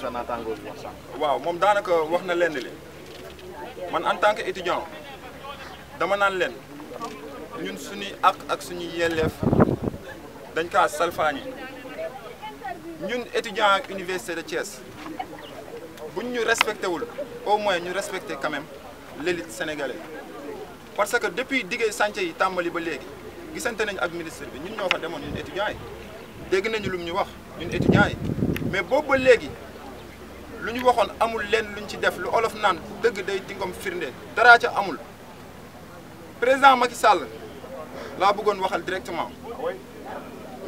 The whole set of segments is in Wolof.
sa naataangoo bi waaw moom daanaka wax na lenn li man en tant que étudiant dama naan leen ñun suñuy àq ak suñuy yelleef dañ kaa salfaañi ñun étudiant ak université de Thiès buñ ñu respecté wul au moins ñu respecté quand même l'élite sénégalaise parce que depuis diggee chantier yi tàmbali ba léegi gisante nañ ak ministre bi ñun ñoo fa demoon ñun étudiants yi dégg nañu lu mu ñu wax ñun étudiants yi mais boobu ba léegi. lu a waxoon amul len luñ ci def lu olof nan deug day tingom firnde dara ca amul président Macky Sall laa bëggoon waxal directement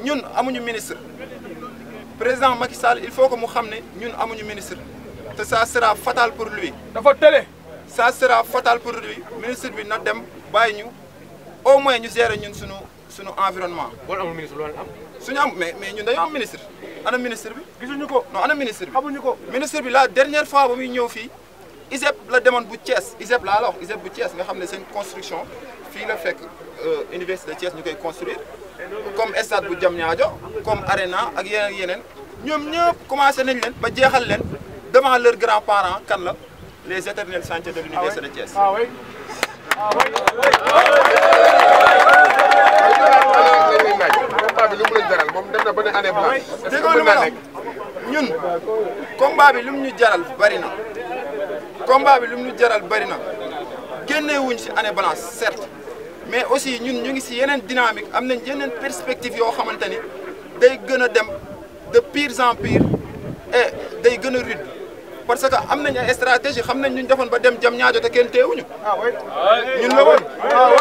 ñun amuñu ministre président Macky Sall il faut que mu xamné ñun amuñu ministre te ça sera fatal pour lui. dafa télé. ça sera fatal pour lui ministre bi na dem bàyyi ñu au moins ñu gérer ñun suñu suñu environnement. boo amul ministre loolu am. suñu am mais mais ñun dañoo am ministre ana ministre bi. gisuñu ko non ana ministre bi. xamuñu ko ministre bi la dernière fois bamuy muy ñëw fii. ISEP la demoon bu Thiès ISEP la wax ISEP bu Thiès nga xamné ne seen construction fi la fekk euh, université de Thiès ñukay construire comme stade bu Diamniadio comme arena ak yeneen ak yeneen ñoom ñëpp commencé nañ len ba jéxal len devant leurs grands-parents kan la les éternels chantiers de l'université de Thiès. ah ah, ah, ah bi lu mu la jaral moom dem na ba ne année blanche. ñun combat bi lu mu ñu jaral bari na. combat bi lu mu ñu jaral bari na génne si année blanche certes mais aussi ñun ñu ngi si yeneen dynamique am nañ yeneen perspective yoo xamante ni day gën a dem de pire en pire et day gën a rude parce que am nañ ay stratégie xam nañ ñu defoon ba dem jam ñaajo te kenn teewuñu. Ah ñun la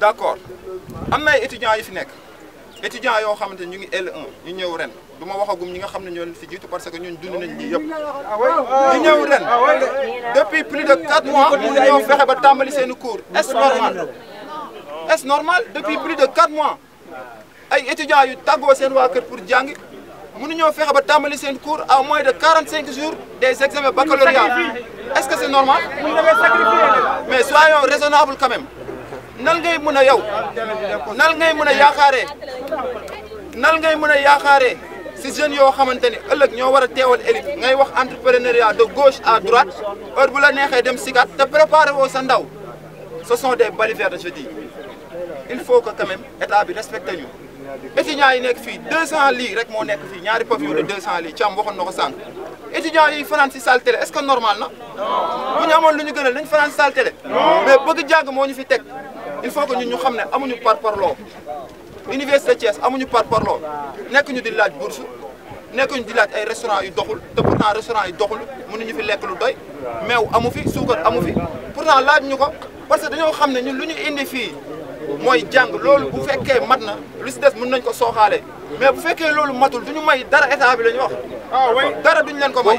D'accord. Il y a des étudiants ici. fi étudiants qui sont en ñu ngi L1 ñu ñëw ren du ma waxagum ñi nga xam ne ñoo fi jiitu parce que ñun dund nañ lii yëpp ñu ñëw ren depuis plus de 4 mois mu ñëw fexe ba tàmbali seen cours est normal est normal depuis plus de 4 mois ay étudiants yu tàggoo seen waa kër pour jàng mënuñoo fexe ba tàmbali seen cours à moins de 45 jours des examens baccalauréat est ce que c' normal mais soyons raisonnables quand même. nan ngay mën a yow nan ngay mën a yaakaaree nan ngay mën a yaakaaree si jeunes yoo xamante ni ëllëg ñoo war a teewal élite ngay wax entrepreneuriat de gauche à droite heure bu la neexee dem sikat te préparé woo sa ndaw ce sont des balivernes je il faut que quand même état bi respecte ñu étudiants yi nekk fii 200 lits rek moo nekk fii ñaari pavillon de 200 lits Thiam waxoon na ko sànq étudiants yi fanaan si salle télé que normal na bu ñu amoon lu ñu gënal nañ fanaan si salle mais bëgg jàng moo ñu fi teg il faut que ñun ñu xam ne amuñu par parloo université Thiès amuñu par parloo nekk ñu di laaj bourse nekk ñu di laaj ay restaurant yu doxul te pourtant restaurant yu doxul ñu fi lekk lu doy meew amu fi suukar amu fi pourtant laaj ñu ko parce que dañoo xam ne ñu lu ñu indi fii mooy jàng loolu bu fekkee mat na lu si des mën nañ ko sooxaale mais bu fekkee loolu matul du duñu may dara état bi la ñu wax ah dara duñu leen ko may